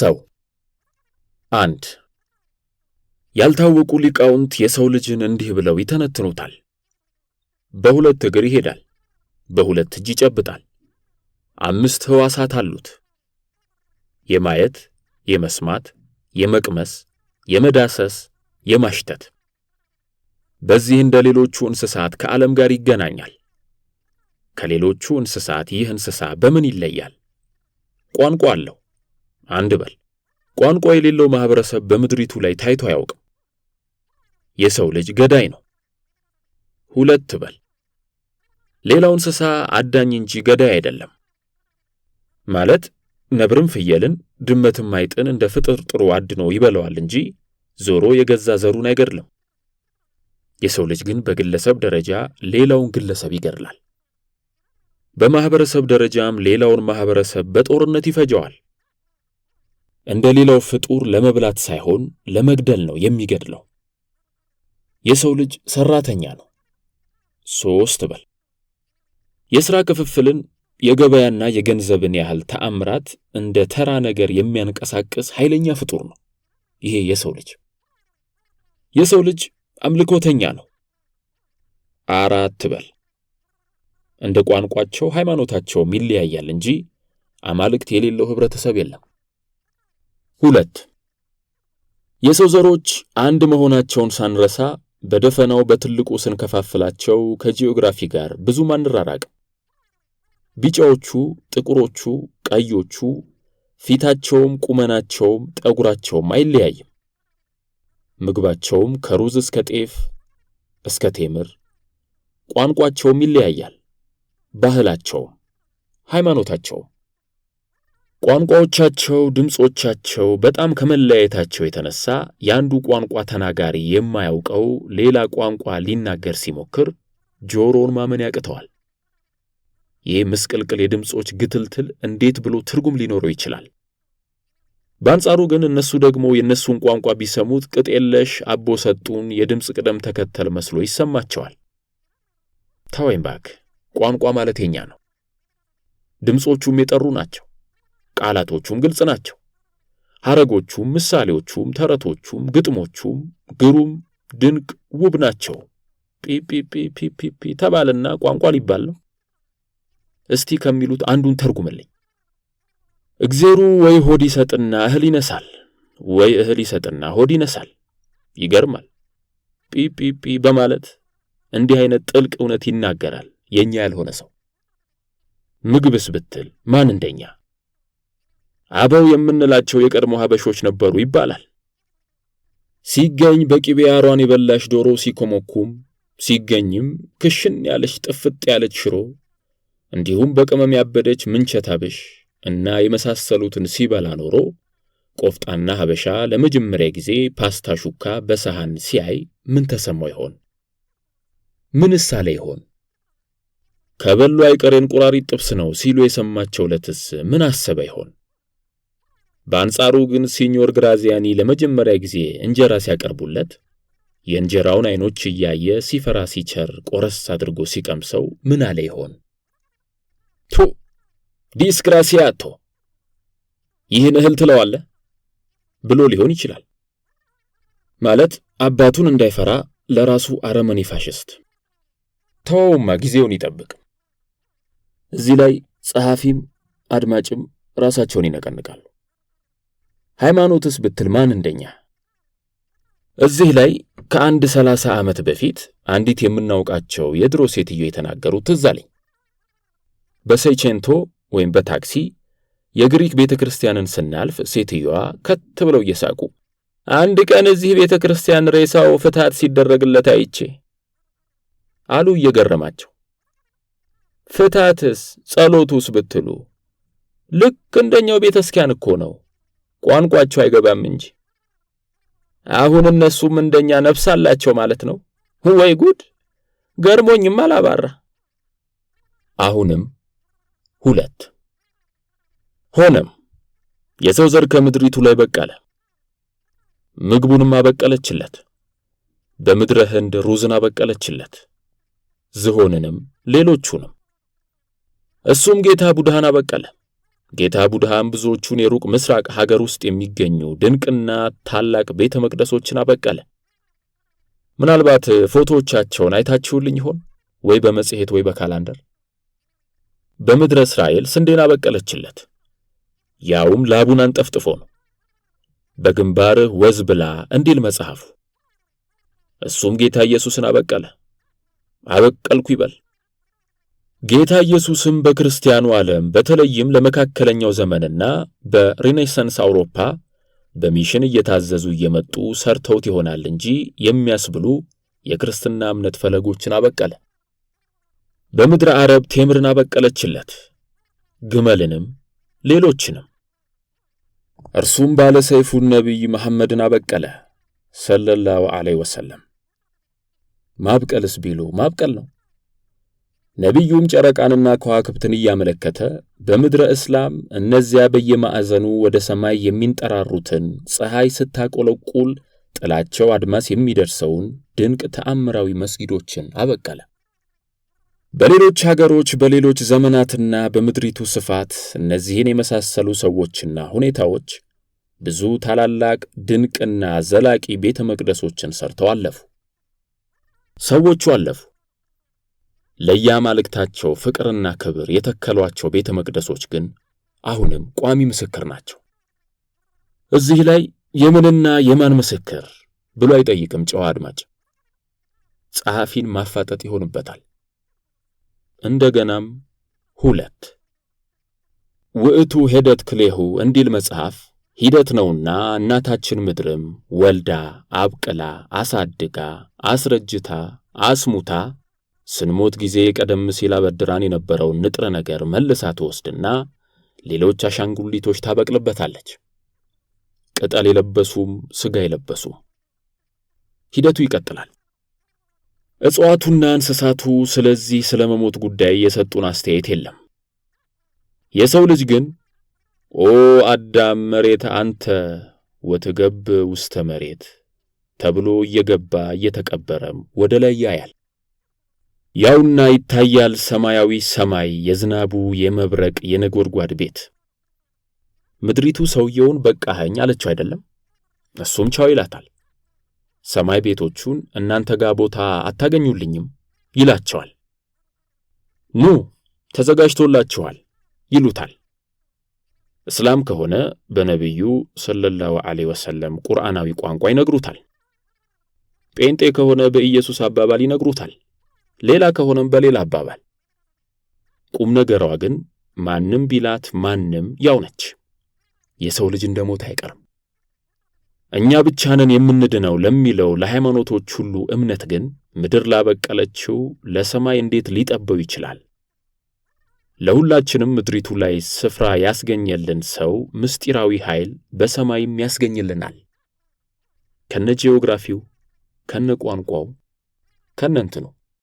ሰው አንድ ያልታወቁ ሊቃውንት የሰው ልጅን እንዲህ ብለው ይተነትኑታል። በሁለት እግር ይሄዳል፣ በሁለት እጅ ይጨብጣል፣ አምስት ሕዋሳት አሉት፤ የማየት፣ የመስማት፣ የመቅመስ፣ የመዳሰስ፣ የማሽተት። በዚህ እንደ ሌሎቹ እንስሳት ከዓለም ጋር ይገናኛል። ከሌሎቹ እንስሳት ይህ እንስሳ በምን ይለያል? ቋንቋ አለው። አንድ በል ቋንቋ የሌለው ማህበረሰብ በምድሪቱ ላይ ታይቶ አያውቅም። የሰው ልጅ ገዳይ ነው። ሁለት በል ሌላው እንስሳ አዳኝ እንጂ ገዳይ አይደለም። ማለት ነብርም ፍየልን፣ ድመትም አይጥን እንደ ፍጥር ጥሩ አድኖ ይበለዋል እንጂ ዞሮ የገዛ ዘሩን አይገድልም። የሰው ልጅ ግን በግለሰብ ደረጃ ሌላውን ግለሰብ ይገድላል። በማህበረሰብ ደረጃም ሌላውን ማህበረሰብ በጦርነት ይፈጀዋል። እንደ ሌላው ፍጡር ለመብላት ሳይሆን ለመግደል ነው የሚገድለው። የሰው ልጅ ሰራተኛ ነው። ሶስት በል የሥራ ክፍፍልን የገበያና የገንዘብን ያህል ተአምራት እንደ ተራ ነገር የሚያንቀሳቅስ ኃይለኛ ፍጡር ነው። ይሄ የሰው ልጅ የሰው ልጅ አምልኮተኛ ነው። አራት በል እንደ ቋንቋቸው ሃይማኖታቸውም ይለያያል እንጂ አማልክት የሌለው ኅብረተሰብ የለም። ሁለት የሰው ዘሮች አንድ መሆናቸውን ሳንረሳ በደፈናው በትልቁ ስንከፋፍላቸው ከጂኦግራፊ ጋር ብዙም አንራራቅም። ቢጫዎቹ፣ ጥቁሮቹ፣ ቀዮቹ ፊታቸውም ቁመናቸውም ጠጉራቸውም አይለያይም። ምግባቸውም ከሩዝ እስከ ጤፍ እስከ ቴምር፣ ቋንቋቸውም ይለያያል። ባህላቸውም ሃይማኖታቸውም ቋንቋዎቻቸው፣ ድምፆቻቸው በጣም ከመለያየታቸው የተነሳ የአንዱ ቋንቋ ተናጋሪ የማያውቀው ሌላ ቋንቋ ሊናገር ሲሞክር ጆሮውን ማመን ያቅተዋል። ይህ ምስቅልቅል የድምፆች ግትልትል እንዴት ብሎ ትርጉም ሊኖረው ይችላል? በአንጻሩ ግን እነሱ ደግሞ የእነሱን ቋንቋ ቢሰሙት ቅጥ የለሽ አቦ ሰጡን የድምፅ ቅደም ተከተል መስሎ ይሰማቸዋል። ታወይም ባክ ቋንቋ ማለት የኛ ነው። ድምፆቹም የጠሩ ናቸው። ቃላቶቹም ግልጽ ናቸው። ሐረጎቹም፣ ምሳሌዎቹም፣ ተረቶቹም፣ ግጥሞቹም ግሩም፣ ድንቅ፣ ውብ ናቸው። ፒፒፒፒፒፒ ተባለና ቋንቋ ሊባል ነው። እስቲ ከሚሉት አንዱን ተርጉምልኝ። እግዜሩ ወይ ሆድ ይሰጥና እህል ይነሳል፣ ወይ እህል ይሰጥና ሆድ ይነሳል። ይገርማል። ፒፒፒ በማለት እንዲህ አይነት ጥልቅ እውነት ይናገራል የኛ ያልሆነ ሰው። ምግብስ ብትል ማን እንደኛ አበው የምንላቸው የቀድሞ ሀበሾች ነበሩ ይባላል። ሲገኝ በቅቤ አሯን የበላሽ ዶሮ ሲኮመኩም፣ ሲገኝም ክሽን ያለች ጥፍጥ ያለች ሽሮ፣ እንዲሁም በቅመም ያበደች ምንቸት ሀበሽ እና የመሳሰሉትን ሲበላ ኖሮ ቆፍጣና ሀበሻ ለመጀመሪያ ጊዜ ፓስታ ሹካ በሰሃን ሲያይ ምን ተሰማው ይሆን? ምንስ አለ ይሆን? ከበሉ አይቀሬን የእንቁራሪት ጥብስ ነው ሲሉ የሰማቸው ለትስ ምን አሰበ ይሆን? በአንጻሩ ግን ሲኒዮር ግራዚያኒ ለመጀመሪያ ጊዜ እንጀራ ሲያቀርቡለት የእንጀራውን አይኖች እያየ ሲፈራ ሲቸር ቆረስ አድርጎ ሲቀምሰው ምን አለ ይሆን? ቱ ዲስግራሲያቶ ይህን እህል ትለዋለ ብሎ ሊሆን ይችላል። ማለት አባቱን እንዳይፈራ ለራሱ አረመኔ ፋሽስት ተወውማ ጊዜውን ይጠብቅ። እዚህ ላይ ጸሐፊም አድማጭም ራሳቸውን ይነቀንቃሉ። ሃይማኖትስ ብትል ማን እንደኛ? እዚህ ላይ ከአንድ ሰላሳ ዓመት በፊት አንዲት የምናውቃቸው የድሮ ሴትዮ የተናገሩት ትዝ አለኝ። በሴቼንቶ ወይም በታክሲ የግሪክ ቤተ ክርስቲያንን ስናልፍ ሴትዮዋ ከት ብለው እየሳቁ አንድ ቀን እዚህ ቤተ ክርስቲያን ሬሳው ፍታት ሲደረግለት አይቼ አሉ እየገረማቸው። ፍታትስ ጸሎቱስ ብትሉ ልክ እንደኛው ቤተ ክርስቲያን እኮ ነው ቋንቋቸው አይገባም እንጂ አሁን እነሱም እንደኛ ነፍስ አላቸው ማለት ነው። ወይ ጉድ! ገርሞኝም አላባራ። አሁንም ሁለት ሆነም የሰው ዘር ከምድሪቱ ላይ በቀለ፣ ምግቡንም አበቀለችለት። በምድረ ህንድ ሩዝን አበቀለችለት፣ ዝሆንንም ሌሎቹንም። እሱም ጌታ ቡድሃን አበቀለ። ጌታ ቡድሃም ብዙዎቹን የሩቅ ምስራቅ ሀገር ውስጥ የሚገኙ ድንቅና ታላቅ ቤተ መቅደሶችን አበቀለ። ምናልባት ፎቶዎቻቸውን አይታችሁልኝ ይሆን ወይ በመጽሔት ወይ በካላንደር። በምድረ እስራኤል ስንዴን አበቀለችለት፣ ያውም ላቡን አንጠፍጥፎ ነው። በግንባርህ ወዝ ብላ እንዲል መጽሐፉ። እሱም ጌታ ኢየሱስን አበቀለ። አበቀልኩ ይበል። ጌታ ኢየሱስም በክርስቲያኑ ዓለም በተለይም ለመካከለኛው ዘመንና በሪኔሳንስ አውሮፓ በሚሽን እየታዘዙ እየመጡ ሰርተውት ይሆናል እንጂ የሚያስብሉ የክርስትና እምነት ፈለጎችን አበቀለ። በምድረ አረብ ቴምርን አበቀለችለት፣ ግመልንም ሌሎችንም። እርሱም ባለ ሰይፉን ነቢይ መሐመድን አበቀለ ሰለላሁ ዐለይሂ ወሰለም። ማብቀልስ ቢሉ ማብቀል ነው። ነቢዩም ጨረቃንና ከዋክብትን እያመለከተ በምድረ እስላም እነዚያ በየማዕዘኑ ወደ ሰማይ የሚንጠራሩትን ፀሐይ ስታቆለቁል ጥላቸው አድማስ የሚደርሰውን ድንቅ ተአምራዊ መስጊዶችን አበቀለ። በሌሎች ሀገሮች በሌሎች ዘመናትና በምድሪቱ ስፋት እነዚህን የመሳሰሉ ሰዎችና ሁኔታዎች ብዙ ታላላቅ ድንቅና ዘላቂ ቤተ መቅደሶችን ሰርተው አለፉ። ሰዎቹ አለፉ። ለየአማልክታቸው ፍቅርና ክብር የተከሏቸው ቤተ መቅደሶች ግን አሁንም ቋሚ ምስክር ናቸው። እዚህ ላይ የምንና የማን ምስክር ብሎ አይጠይቅም ጨዋ አድማጭ። ጸሐፊን ማፋጠጥ ይሆንበታል። እንደገናም ሁለት ውዕቱ ሄደት ክሌሁ እንዲል መጽሐፍ ሂደት ነውና እናታችን ምድርም ወልዳ አብቅላ አሳድጋ አስረጅታ አስሙታ ስንሞት ጊዜ ቀደም ሲል አበድራን የነበረውን ንጥረ ነገር መልሳ ትወስድና ሌሎች አሻንጉሊቶች ታበቅልበታለች። ቅጠል የለበሱም ሥጋ የለበሱም። ሂደቱ ይቀጥላል። እጽዋቱና እንስሳቱ ስለዚህ ስለ መሞት ጉዳይ የሰጡን አስተያየት የለም። የሰው ልጅ ግን ኦ አዳም መሬት አንተ ወትገብ ውስተ መሬት ተብሎ እየገባ እየተቀበረም ወደ ላይ ያያል። ያውና ይታያል ሰማያዊ ሰማይ፣ የዝናቡ የመብረቅ የነጎድጓድ ቤት። ምድሪቱ ሰውየውን በቃኸኝ አለችው አይደለም? እሱም ቻው ይላታል። ሰማይ ቤቶቹን እናንተ ጋር ቦታ አታገኙልኝም ይላቸዋል። ኑ ተዘጋጅቶላችኋል ይሉታል። እስላም ከሆነ በነቢዩ ሰለላሁ ዐለይሂ ወሰለም ቁርአናዊ ቋንቋ ይነግሩታል። ጴንጤ ከሆነ በኢየሱስ አባባል ይነግሩታል። ሌላ ከሆነም በሌላ አባባል ቁም ነገሯ ግን ማንም ቢላት ማንም ያው ነች። የሰው ልጅ እንደ ሞት አይቀርም። እኛ ብቻ ነን የምንድነው ለሚለው ለሃይማኖቶች ሁሉ እምነት ግን ምድር ላበቀለችው ለሰማይ እንዴት ሊጠበው ይችላል? ለሁላችንም ምድሪቱ ላይ ስፍራ ያስገኘልን ሰው ምስጢራዊ ኃይል በሰማይም ያስገኝልናል። ከነ ጂኦግራፊው፣ ከነ ቋንቋው፣ ከነ እንትኑ